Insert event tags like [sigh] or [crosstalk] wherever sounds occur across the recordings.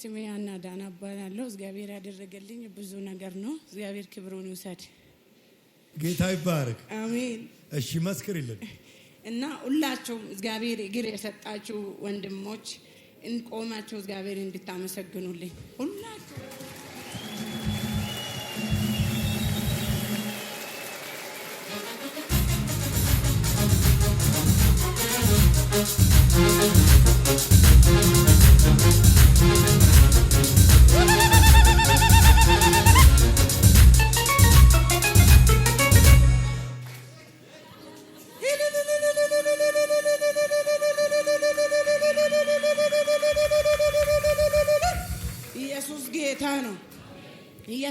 ስሜ አና ዳና እባላለሁ። እግዚአብሔር ያደረገልኝ ብዙ ነገር ነው። እግዚአብሔር ክብሩን ይውሰድ። ጌታ ይባረክ። አሜን። እሺ መስክርልን እና ሁላችሁም እግዚአብሔር እግር የሰጣችሁ ወንድሞች እንቆማችሁ እግዚአብሔር እንድታመሰግኑልኝ ሁላችሁ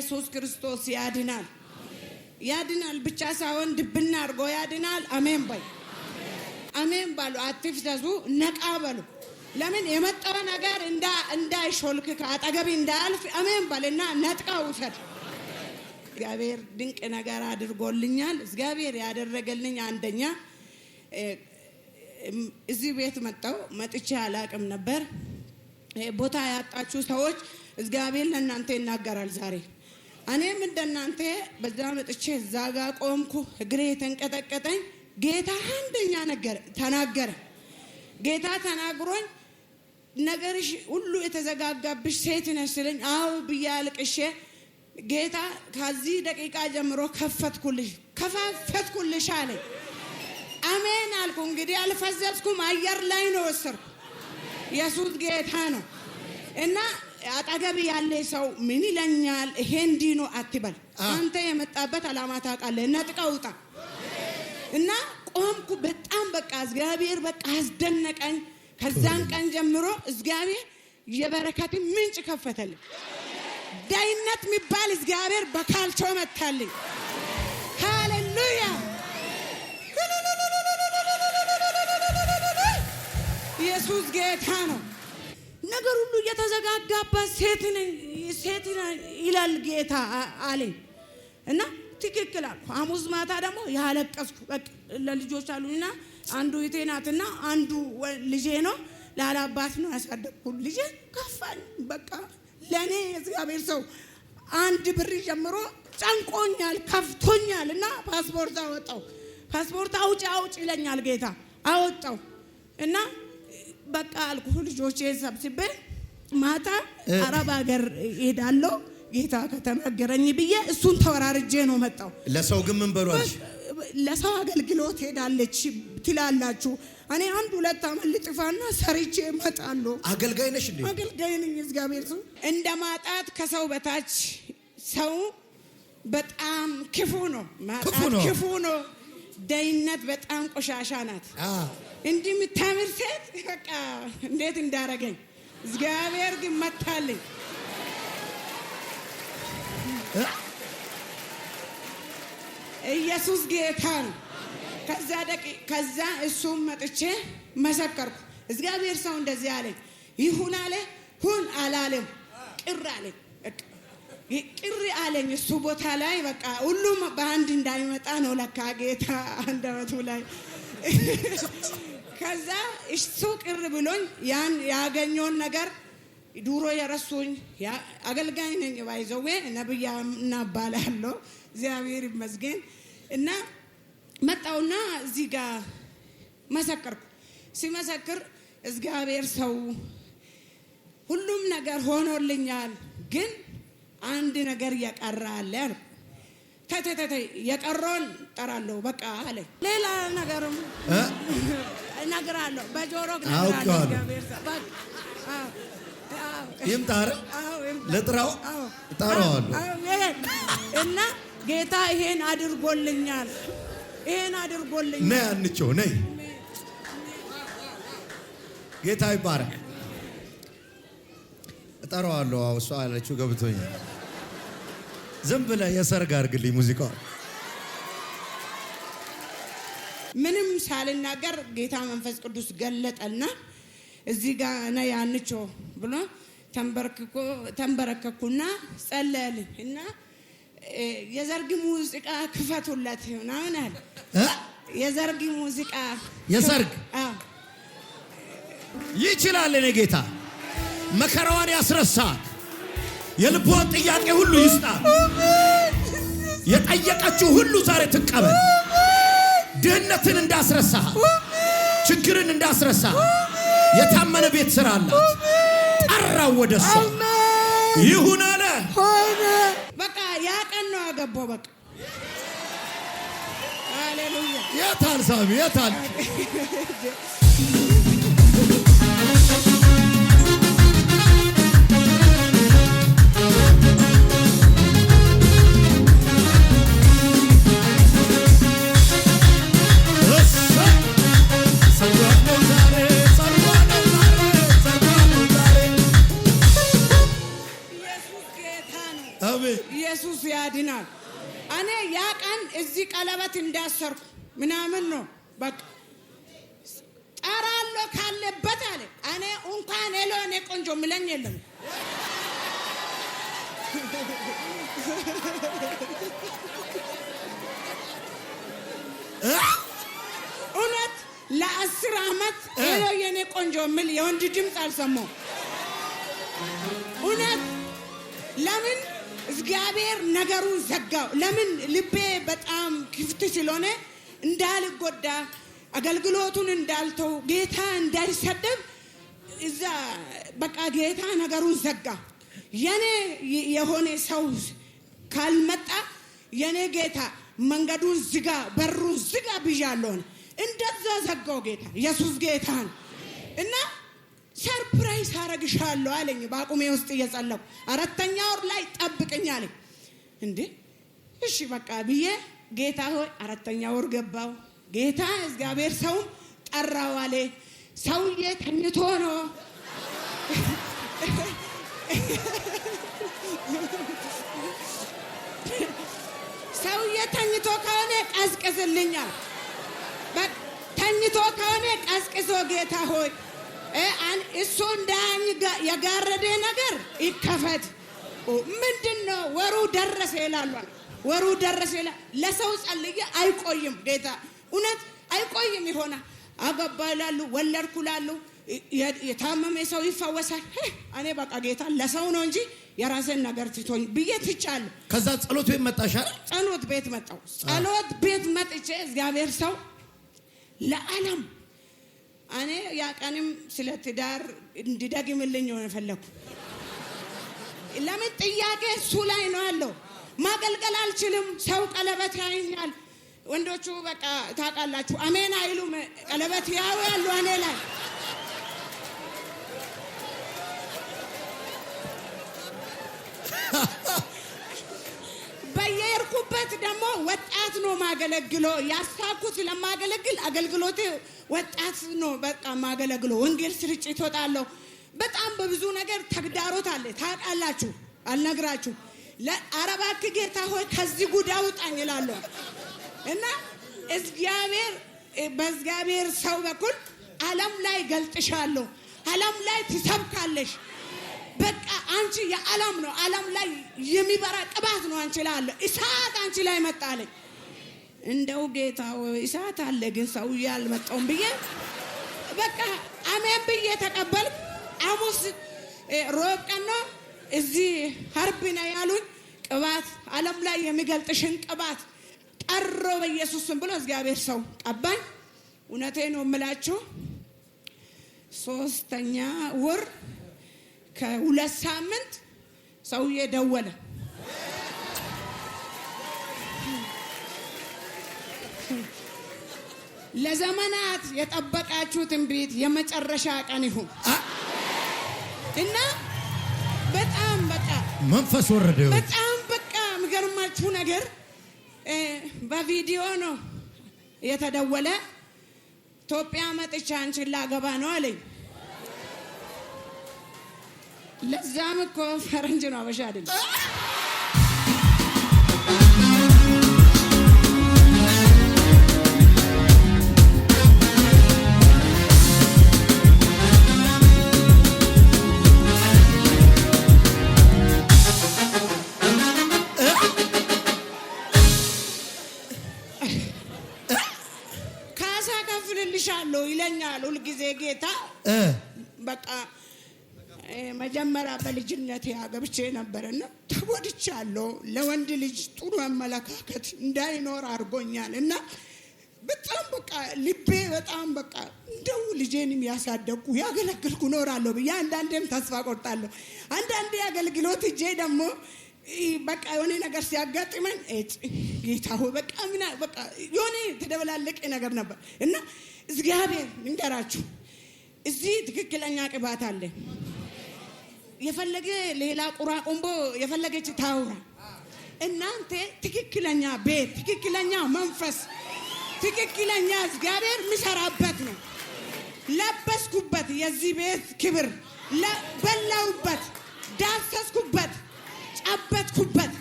ኢየሱስ ክርስቶስ ያድናል። ያድናል ብቻ ሳይሆን ድብና አድርጎ ያድናል። አሜን በይ፣ አሜን በሉ። አትፍዘዙ፣ ነቃ በሉ። ለምን የመጣው ነገር እንዳይሾልክ ከአጠገብ እንዳያልፍ፣ አሜን በልና ነጥቃ ውሰድ። እግዚአብሔር ድንቅ ነገር አድርጎልኛል። እግዚአብሔር ያደረገልኝ አንደኛ እዚህ ቤት መጣሁ። መጥቼ አላቅም ነበር። ቦታ ያጣችሁ ሰዎች እግዚአብሔር ለእናንተ ይናገራል ዛሬ እኔም እንደናንተ በዛ መጥቼ እዛ ጋ ቆምኩ። እግሬ የተንቀጠቀጠኝ ጌታ አንደኛ ነገር ተናገረ። ጌታ ተናግሮኝ ነገርሽ ሁሉ የተዘጋጋብሽ ሴት ነሽ ስለኝ፣ አዎ ብዬ አልቅሼ ጌታ ከዚህ ደቂቃ ጀምሮ ከፈትኩልሽ ከፋፈትኩልሽ አለ። አሜን አልኩ። እንግዲህ አልፈዘዝኩም፣ አየር ላይ ነው ወሰድኩ። ኢየሱስ ጌታ ነው እና አጠገብ ያለ ሰው ምን ይለኛል፣ ይሄ እንዲህ ነው አትበል። አንተ የመጣበት አላማ ታውቃለህ። ነጥቀህ ውጣ እና ቆምኩ። በጣም በቃ እግዚአብሔር በቃ አስደነቀኝ። ከዛን ቀን ጀምሮ እግዚአብሔር የበረከት ምንጭ ከፈተልኝ። ዳይነት የሚባል እግዚአብሔር በካልቾ መታልኝ። ሃሌሉያ ኢየሱስ ጌታ ነው። ነገር ሁሉ እየተዘጋጋባት ሴት ይላል ጌታ አለኝ እና ትክክል አልኩ። ሐሙስ ማታ ደግሞ ያለቀስኩ ለልጆች አሉና አንዱ እህቴ ናትና አንዱ ልጄ ነው ላላባት ነው ያሳደግኩ ልጄ ከፋኝ። በቃ ለእኔ እግዚአብሔር ሰው አንድ ብር ጀምሮ ጨንቆኛል፣ ከፍቶኛል እና ፓስፖርት አወጣው። ፓስፖርት አውጪ አውጪ ይለኛል ጌታ አወጣው እና በቃ አልኩ። ልጆች ሰብስቤ ማታ አረብ ሀገር ሄዳለሁ ጌታ ከተናገረኝ ብዬ እሱን ተወራርጄ ነው መጣው። ለሰው ግን ምን በሏል? ለሰው አገልግሎት ሄዳለች ትላላችሁ። እኔ አንድ ሁለት አመት ልጥፋና ሰርቼ እመጣለሁ። አገልጋይ ነሽ እንዴ? አገልጋይ ነኝ። እግዚአብሔር ሰው እንደ ማጣት ከሰው በታች ሰው በጣም ክፉ ነው። ማጣት ክፉ ነው። ደይነት በጣም ቆሻሻ ናት። እንዲህ የምታምር ሴት በቃ እንዴት እንዳረገኝ እግዚአብሔር ግን መታልኝ። ኢየሱስ ጌታ ነው። ከዛ ደቂ ከዛ እሱም መጥቼ መሰከርኩ። እግዚአብሔር ሰው እንደዚህ አለኝ፣ ይሁን አለ ሁን አላለም፣ ቅር አለኝ። ቅር አለኝ እሱ ቦታ ላይ በቃ ሁሉም በአንድ እንዳይመጣ ነው ለካ ጌታ አንድ ላይ ከዛ እሱ ቅር ብሎኝ ያን ያገኘውን ነገር ዱሮ የረሱኝ አገልጋይ ነኝ ባይዘዌ ነብያ እናባላለሁ። እግዚአብሔር ይመስገን እና መጣውና እዚህ ጋር መሰክርኩ። ሲመሰክር እግዚአብሔር ሰው ሁሉም ነገር ሆኖልኛል፣ ግን አንድ ነገር የቀረ አለ አልኩ። ተተተተ የቀረውን ጠራለሁ በቃ አለ ሌላ ነገርም እነግርሃለሁ። በጆሮ አውቄዋለሁ። ይምጣ ኧረ ልጥራው እና ጌታ ይሄን አድርጎልኛል፣ ይሄን አድርጎልኛል። ነይ አንቺው ነይ። ጌታ ይባረክ። እጠራዋለሁ። እሷ አለችው ገብቶኛል። ዝም ብለህ የሰርግ አድርግልኝ ሙዚቃውን ሳልናገር ጌታ መንፈስ ቅዱስ ገለጠና እዚህ ጋ ና ያንቾ ብሎ ተንበረከኩና ጸለልን እና የዘርግ ሙዚቃ ክፈቱለት ምናምን አለ። የዘርግ ሙዚቃ የሰርግ ይችላል። እኔ ጌታ መከራዋን ያስረሳ፣ የልቧን ጥያቄ ሁሉ ይስጣ፣ የጠየቀችው ሁሉ ዛሬ ትቀበል። ድህነትን እንዳስረሳ፣ ችግርን እንዳስረሳ የታመነ ቤት ስራ አላት። ጠራው ወደ እሷ ይሁን አለ በቃ ያ ቀን ነው ያገባው። በቃ ሃሌሉያ። የታል ሳሚ የታል ኢየሱስ ያድናል። እኔ ያ ቀን እዚህ ቀለበት እንዳሰርኩ ምናምን ነው በቃ ጠራሎ ካለበት አለ እኔ እንኳን ሄሎ እኔ ቆንጆ ምለኝ የለም እውነት ለአስር ዓመት ሄሎ የኔ ቆንጆ ምል የወንድ ድምፅ አልሰማሁም። እውነት ለምን እግዚአብሔር ነገሩን ዘጋው። ለምን ልቤ በጣም ክፍት ስለሆነ እንዳልጎዳ አገልግሎቱን እንዳልተው ጌታ እንዳይሰደብ እዛ በቃ ጌታ ነገሩን ዘጋ። የኔ የሆነ ሰው ካልመጣ የኔ ጌታ መንገዱን ዝጋ፣ በሩን ዝጋ ብያለሁ። እንደዛ ዘጋው ጌታ ኢየሱስ ጌታ ነው እና ሰርፕራይዝ አረግሻለሁ አለኝ። በአቁሜ ውስጥ እየጸለኩ አራተኛ ወር ላይ ጠብቅኝ አለኝ። እንዴ እሺ በቃ ብዬ ጌታ ሆይ አራተኛ ወር ገባው። ጌታ እግዚአብሔር ሰውን ጠራው አለ። ሰውዬ ተኝቶ ነው ሰውዬ ተኝቶ ከሆነ ቀስቅስልኛል። ተኝቶ ከሆነ ቀስቅሶ ጌታ ሆይ እሱ እንዳኝ የጋረደ ነገር ይከፈት። ምንድን ነው ወሩ ደረሰ ይላሏል። ወሩ ደረሰ ይላል። ለሰው ጸልዬ አይቆይም ጌታ እውነት አይቆይም። ይሆና አገባ ይላሉ፣ ወለድኩ ይላሉ፣ የታመመ ሰው ይፈወሳል። እኔ በቃ ጌታ ለሰው ነው እንጂ የራሴን ነገር ትቶኝ ብዬ ትቻለሁ። ከዛ ጸሎት ቤት መጣሻል። ጸሎት ቤት መጣሁ። ጸሎት ቤት መጥቼ እግዚአብሔር ሰው ለዓለም እኔ ያ ቀንም ስለ ትዳር እንዲደግምልኝ ነው የፈለኩ። ለምን ጥያቄ እሱ ላይ ነው ያለው። ማገልገል አልችልም። ሰው ቀለበት ያይኛል። ወንዶቹ በቃ ታውቃላችሁ፣ አሜን አይሉም። ቀለበት ያው ያሉ እኔ ላይ ባለሁበት ደግሞ ወጣት ነው ማገለግሎ ያሳኩት ስለማገለግል አገልግሎት ወጣት ነው በቃ ማገለግሎ ወንጌል ስርጭት ወጣለሁ። በጣም በብዙ ነገር ተግዳሮት አለ። ታውቃላችሁ፣ አልነግራችሁ ለአረባት ጌታ ሆይ ከዚህ ጉዳ ውጣኝ እላለሁ እና እግዚአብሔር በእግዚአብሔር ሰው በኩል ዓለም ላይ ገልጥሻለሁ፣ ዓለም ላይ ትሰብካለሽ በቃ አንቺ የዓለም ነው ዓለም ላይ የሚበራ ቅባት ነው አንቺ ላይ አለ። እሳት አንቺ ላይ መጣለኝ። እንደው ጌታ እሳት አለ ግን ሰውዬ አልመጣውም ብዬ በቃ አሜን ብዬ ተቀበልኩ። ሐሙስ ሮብ ቀን ነው እዚህ ሀርቢ ነው ያሉኝ። ቅባት ዓለም ላይ የሚገልጥሽን ቅባት ጠሮ በኢየሱስም ብሎ እግዚአብሔር ሰው ቀባኝ። እውነቴ ነው የምላችሁ ሶስተኛ ወር ከሁለት ሳምንት ሰውዬ ደወለ። ለዘመናት የጠበቃችሁትን ቤት የመጨረሻ ቀን ይሁን እና በጣም በቃ መንፈስ ወረደ። በጣም በቃ የሚገርማችሁ ነገር በቪዲዮ ነው የተደወለ። ኢትዮጵያ መጥቻ አንቺን ላገባ ነው አለኝ። ለዛም እኮ ፈረንጅ ነው አበሻ አይደለም። አገብቼ ነበረና ተጎድቻለሁ። ለወንድ ልጅ ጥሩ አመለካከት እንዳይኖር አድርጎኛል እና በጣም በቃ ልቤ በጣም በቃ እንደው ልጄንም ያሳደግኩ ያገለግልኩ እኖራለሁ ብዬ አንዳንዴም ተስፋ ቆርጣለሁ። አንዳንዴ አገልግሎት እጄ ደግሞ በቃ የሆነ ነገር ሲያጋጥመን ጌታ ሆይ በቃ ምና በቃ የሆነ የተደበላለቀ ነገር ነበር እና እግዚአብሔር እንገራችሁ እዚህ ትክክለኛ ቅባት አለ። የፈለገ ሌላ ቁራቁምቦ የፈለገች ታውራ። እናንተ ትክክለኛ ቤት፣ ትክክለኛ መንፈስ፣ ትክክለኛ እግዚአብሔር ምሰራበት ነው። ለበስኩበት የዚህ ቤት ክብር፣ በላውበት፣ ዳሰስኩበት፣ ጨበጥኩበት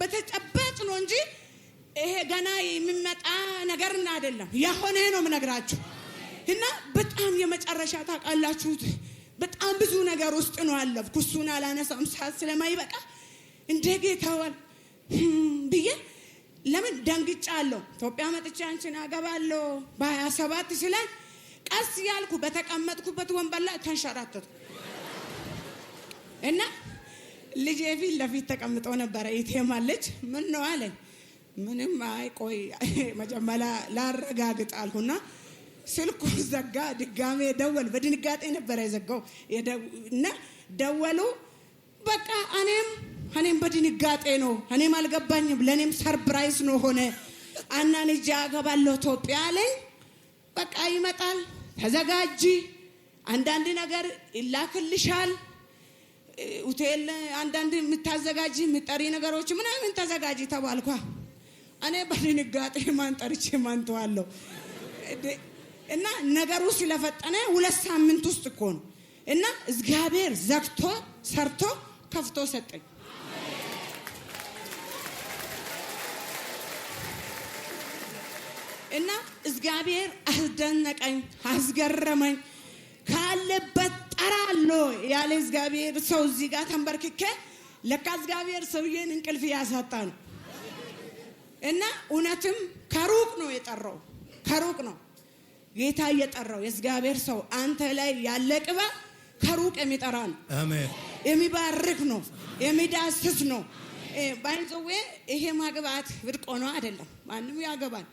በተጨበጥ ነው እንጂ ይሄ ገና የሚመጣ ነገር እና አይደለም። የሆነ ነው የምነግራችሁ እና በጣም የመጨረሻ ታውቃላችሁት በጣም ብዙ ነገር ውስጥ ነው አለፍኩ። እሱን አላነሳም ሰዓት ስለማይበቃ እንደ ጌታዋል ብዬ ለምን ደንግጫ አለው። ኢትዮጵያ መጥቼ አንቺን አገባለሁ በሀያ ሰባት ሲለኝ ቀስ ያልኩ በተቀመጥኩበት ወንበር ላይ ተንሸራተቱ እና ልጄ ፊት ለፊት ተቀምጦ ነበረ። ይቴማለች ምን ነው አለኝ። ምንም አይ ቆይ መጀመሪያ ላረጋግጥ አልኩና ስልኩ ዘጋ። ድጋሜ ደወል። በድንጋጤ ነበረ የዘጋው እና ደወሉ። በቃ እኔም እኔም በድንጋጤ ነው። እኔም አልገባኝም። ለእኔም ሰርፕራይዝ ነው ሆነ አናን እጅ አገባለሁ ኢትዮጵያ አለኝ። በቃ ይመጣል፣ ተዘጋጂ፣ አንዳንድ ነገር ይላክልሻል ሆቴል አንዳንድ የምታዘጋጅ የምጠሪ ነገሮች ምናምን ተዘጋጅ ተባልኳ። እኔ በድንጋጤ ማን ጠርቼ ማን ተዋለሁ? እና ነገሩ ስለፈጠነ ሁለት ሳምንት ውስጥ እኮ ነው። እና እግዚአብሔር ዘግቶ ሰርቶ ከፍቶ ሰጠኝ። እና እግዚአብሔር አስደነቀኝ፣ አስገረመኝ። ካለበት ጠራሎ ያለ እግዚአብሔር ሰው እዚህ ጋር ተንበርክኬ ለካ እግዚአብሔር ሰውዬን እንቅልፍ እያሳጣ ነው። እና እውነትም ከሩቅ ነው የጠራው፣ ከሩቅ ነው ጌታ እየጠራው የእግዚአብሔር ሰው አንተ ላይ ያለ ቅባ ከሩቅ የሚጠራ ነው። አሜን። የሚባርክ ነው፣ የሚዳስስ ነው። ባይዘዌ ይሄ ማግባት ብድቅ ሆኖ አይደለም። ማንም ያገባል፣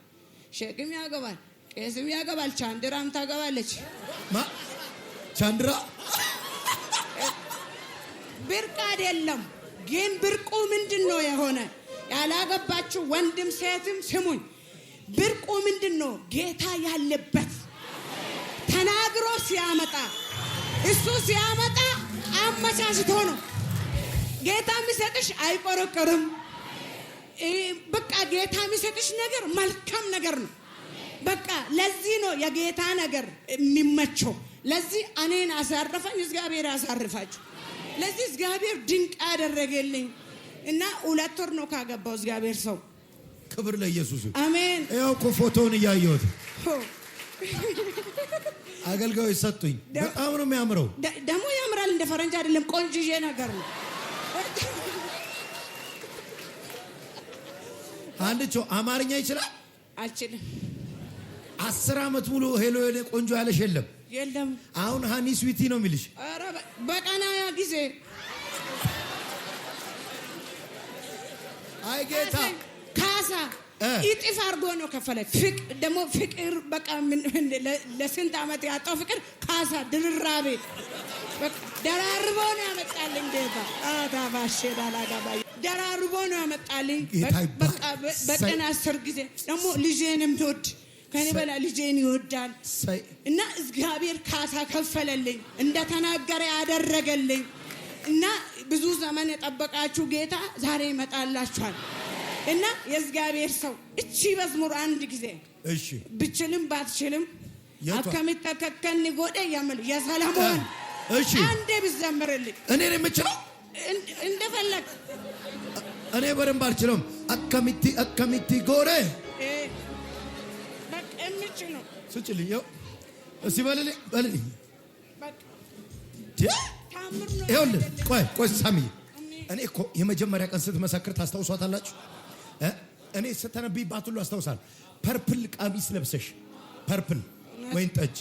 ሼክም ያገባል፣ ቄስም ያገባል፣ ቻንድራም ታገባለች። ቻንድራ ብርቅ አይደለም። ግን ብርቁ ምንድን ነው የሆነ? ያላገባችሁ ወንድም ሴትም ስሙኝ ብርቁ ምንድን ነው? ጌታ ያለበት ተናግሮ ሲያመጣ እሱ ሲያመጣ አመቻችቶ ነው። ጌታ የሚሰጥሽ አይቆረቀርም። በቃ ጌታ የሚሰጥሽ ነገር መልካም ነገር ነው። በቃ ለዚህ ነው የጌታ ነገር የሚመቸው። ለዚህ እኔን አሳረፈኝ፣ እግዚአብሔር አሳርፋችሁ። ለዚህ እግዚአብሔር ድንቅ ያደረገልኝ እና ሁለት ወር ነው ካገባው እግዚአብሔር ሰው ክብር ለኢየሱስ። አሜን። ያው እኮ ፎቶውን እያየሁት [laughs] አገልጋዮች ሰጡኝ። በጣም ነው የሚያምረው። ደግሞ ያምራል። እንደ ፈረንጅ አይደለም፣ ቆንጅዬ ነገር ነው። [laughs] አንድ አማርኛ ይችላል? አልችልም። አስር ዓመት ሙሉ ሄሎ ሄሎ ቆንጆ ያለሽ የለም የለም። አሁን ሃኒ ስዊቲ ነው የሚልሽ። በቀና ያ ጊዜ አይ ጌታ ሰላሳ ይጥፍ አድርጎ ነው ከፈለ። ደግሞ ፍቅር በቃ ለስንት ዓመት ያጣው ፍቅር ካሳ ድርራቤ ደራርቦ ነው ያመጣልኝ። ጌታ ታባሼ ዳላጋባ ደራርቦ ነው ያመጣልኝ። በቀን አስር ጊዜ ደግሞ ከኔ ልጄን ይወዳል እና እግዚአብሔር ካሳ ከፈለልኝ፣ እንደተናገረ ያደረገልኝ እና ብዙ ዘመን የጠበቃችሁ ጌታ ዛሬ ይመጣላችኋል። እና የእግዚአብሔር ሰው እቺ መዝሙር አንድ ጊዜ እሺ ብችልም ባትችልም አከሚጠከከኒ ጎደ የምን የሰለሞን እሺ አንዴ ብዘምርልኝ እኔ ነው የምችለው እንደፈለግ እኔ በደንብ አልችለውም። አከሚቲ አከሚቲ ጎረ በቃ የምችለው ስጭልኝ እስቲ በልልኝ በልልኝ ቆይ ቆይ ሳሚ እኔ እኮ የመጀመሪያ ቀን ስትመሰክር ታስታውሷታላችሁ እኔ ስተነብይ ባት ሁሉ አስታውሳል። ፐርፕል ቀሚስ ለብሰሽ ፐርፕል ወይን ጠጅ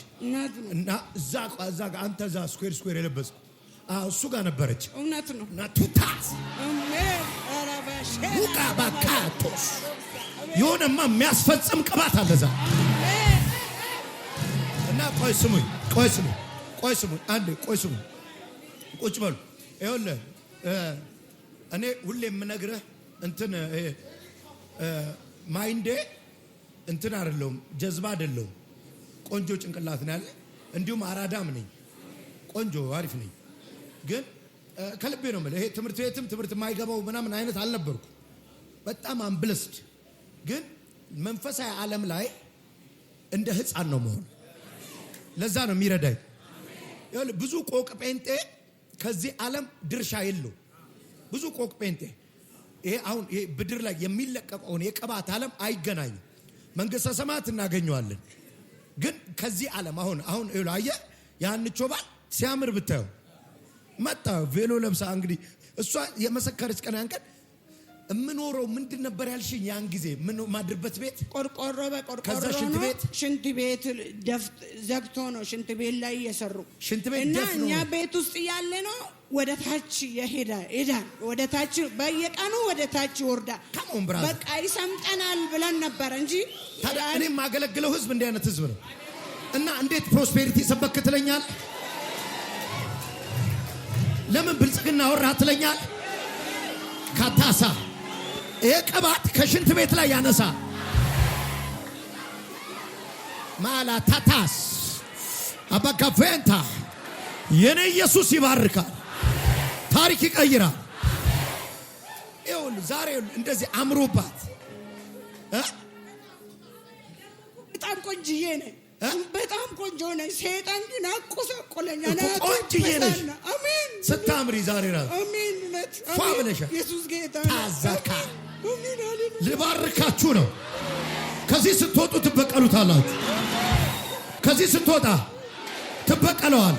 እና እዛ እዛ ጋ አንተ እዛ ስኩዌር ስኩዌር የለበስኩ እሱ ጋር ነበረች። እውነት ነው እና ቱታስ ቡቃ ባካቶስ የሆነማ የሚያስፈጽም ቅባት አለ እዛ እና ቆይ ስሙኝ፣ ቆይ ስሙኝ፣ ቆይ ስሙኝ፣ አንዴ ቆይ ስሙኝ፣ ቁጭ በሉ። ይኸውልህ እኔ ሁሌ የምነግረህ እንትን ማይንዴ እንትን አይደለሁም፣ ጀዝባ አይደለሁም። ቆንጆ ጭንቅላት ነው ያለ፣ እንዲሁም አራዳም ነኝ። ቆንጆ አሪፍ ነኝ፣ ግን ከልቤ ነው የምልህ። ይሄ ትምህርት ቤትም ትምህርት የማይገባው ምናምን አይነት አልነበርኩ። በጣም አንብለስድ፣ ግን መንፈሳዊ ዓለም ላይ እንደ ህፃን ነው መሆን። ለዛ ነው የሚረዳኝ። ብዙ ቆቅ ጴንጤ ከዚህ ዓለም ድርሻ የለው። ብዙ ቆቅ ጴንጤ ይሄ አሁን ብድር ላይ የሚለቀቀውን የቅባት ዓለም አይገናኝ። መንግስተ ሰማያት እናገኘዋለን። ግን ከዚህ ዓለም አሁን አሁን ይሉ አየህ ያንቾ ባል ሲያምር ብታየው መጣ ቬሎ ለብሳ እንግዲህ እሷ የመሰከረች ቀን ያንቀን የምኖረው ምንድን ነበር ያልሽኝ? ያን ጊዜ ማድርበት ቤት ቆርቆሮ በቆርቆሮ ሽንት ቤት ሽንት ቤት ደፍት ዘግቶ ነው ሽንት ቤት ላይ እየሰሩ ሽንት ቤት እና እኛ ቤት ውስጥ ያለ ነው። ወደ ታች የሄዳ ሄዳ ወደ ታች በየቀኑ ወደ ታች ወርዳ በቃ ይሰምጠናል ብለን ነበረ እንጂ ታዲያ እኔ የማገለግለው ህዝብ እንዲህ አይነት ህዝብ ነው። እና እንዴት ፕሮስፔሪቲ ሰበክ ትለኛል? ለምን ብልጽግና ወራ ትለኛል? ካታሳ ይሄ ቅባት ከሽንት ቤት ላይ ያነሳ ማላታታስ አባጋቬንታ የኔ ኢየሱስ ይባርካል። ታሪክ ይቀይራል። ይሁን ዛሬ እንደዚህ አምሮባት በጣም ቆንጅዬ ነኝ። በጣም ቆንጆ ነኝ። ሴጣን ግን አቆሳቆለኝ። ቆንጅዬ ነሽ። አሜን። ስታምሪ ዛሬ ራሱ አሜን። እውነት ብለሻል። ኢየሱስ ጌታ ታዘካ ልባርካችሁ ነው። ከዚህ ስትወጡ ትበቀሉታላችሁ። ከዚህ ስትወጣ ትበቀለዋል፣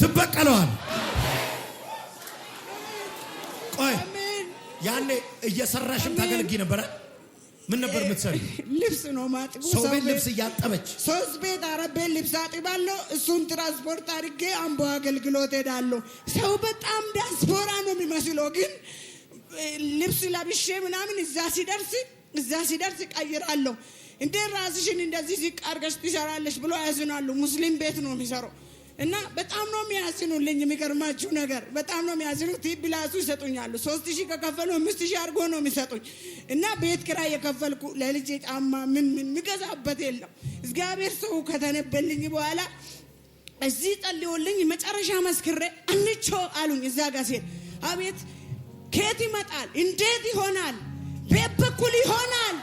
ትበቀለዋል። ቆይ ያኔ እየሰራሽም ታገልጊ ነበረ። ምን ነበር የምትሰሪ? ልብስ ነው ማጥቡ። ሰው ቤት ልብስ እያጠበች፣ ሶስት ቤት አረቤ ቤት ልብስ አጥባለሁ። እሱን ትራንስፖርት አድርጌ አምቦ አገልግሎት ሄዳለሁ። ሰው በጣም ዲያስፖራ ነው የሚመስለው ግን ልብስ ለብሼ ምናምን እዛ ሲደርስ እዛ ሲደርስ ቀይራለሁ። እንዴ ራስሽን እንደዚህ ዝቅ አድርገሽ ትሰራለሽ ብሎ ያዝናሉ። ሙስሊም ቤት ነው የሚሰሩ እና በጣም ነው የሚያዝኑልኝ። የሚገርማችሁ ነገር በጣም ነው የሚያዝኑ። ቲፕ ላሱ ይሰጡኛሉ። ሶስት ሺህ ከከፈሉ አምስት ሺህ አድርጎ ነው የሚሰጡኝ። እና ቤት ኪራይ የከፈልኩ ለልጅ ጫማ ምን ምን የሚገዛበት የለም። እግዚአብሔር ሰው ከተነበልኝ በኋላ እዚህ ጸልዮልኝ መጨረሻ መስክሬ አንቾ አሉኝ እዛ ጋር ሴት አቤት ከየት ይመጣል? እንዴት ይሆናል? ቤት በኩል ይሆናል።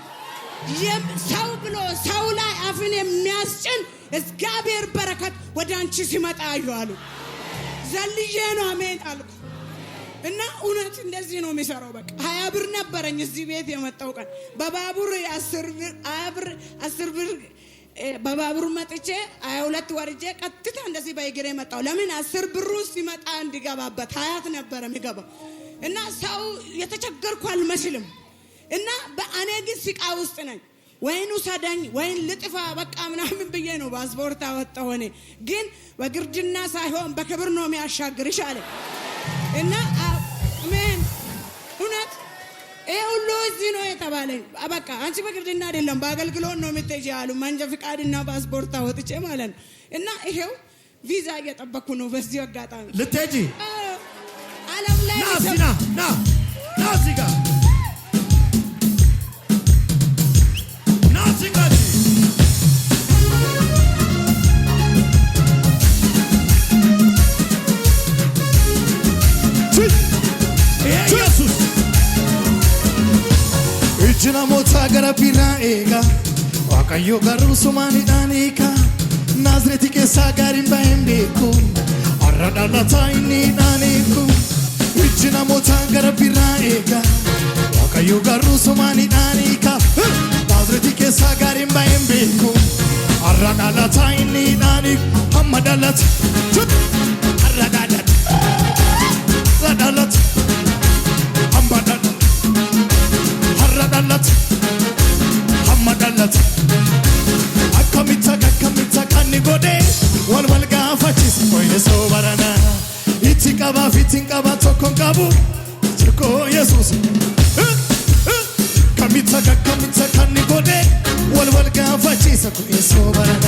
ሰው ብሎ ሰው ላይ አፍን የሚያስጭን እግዚአብሔር በረከት ወደ አንቺ ሲመጣ አየዋሉ። ዘልዬ ነው አሜን አልኩ እና እውነት እንደዚህ ነው የሚሰራው። በቃ ሀያ ብር ነበረኝ እዚህ ቤት የመጣው ቀን በባቡር አስር ብር በባቡር መጥቼ ሀያ ሁለት ወርጄ ቀጥታ እንደዚህ በእግሬ መጣው። ለምን አስር ብሩ ሲመጣ እንዲገባበት ሀያት ነበረ የሚገባው እና ሰው የተቸገርኩ አልመስልም። እና በእኔ ግን ሲቃ ውስጥ ነኝ። ወይን ውሰደኝ ወይን ልጥፋ በቃ ምናምን ብዬ ነው ፓስፖርት አወጣ ሆኔ ግን በግርድና ሳይሆን በክብር ነው የሚያሻግርሽ አለ እና አሜን። እውነት ይህ ሁሉ እዚህ ነው የተባለኝ። በቃ አንቺ በግርድና አይደለም በአገልግሎት ነው የምትሄጂ አሉ። መንጃ ፍቃድና ፓስፖርት አወጥቼ ማለት ነው። እና ይሄው ቪዛ እየጠበኩ ነው። በዚህ አጋጣሚ ልትሄጂ ናዚና ና ናዚጋ ናዚጋ ኢየሱስ ijjina mootaa gara birraa eega waaqayyo garuu sumaanidhaan eeka naazreeti keessaa gaariin baheen beeku har'a dhalataa inni dhaan eeku Jechi namootaa gara birraa eega Waaqayyo garuu somaan hidhaan hiika Naazreeti keessaa gaariin ba'een beeku Har'a dhalataa inni hidhaan hiiku hamma dhalata Har'a dhalata Har'a dhalata ከአፉ ችርኮ ኢየሱስ ከሚተከ ከሚተከኒ ጎዴ ወልወልጋ ፈቺ ሰኩ ኢየሱስ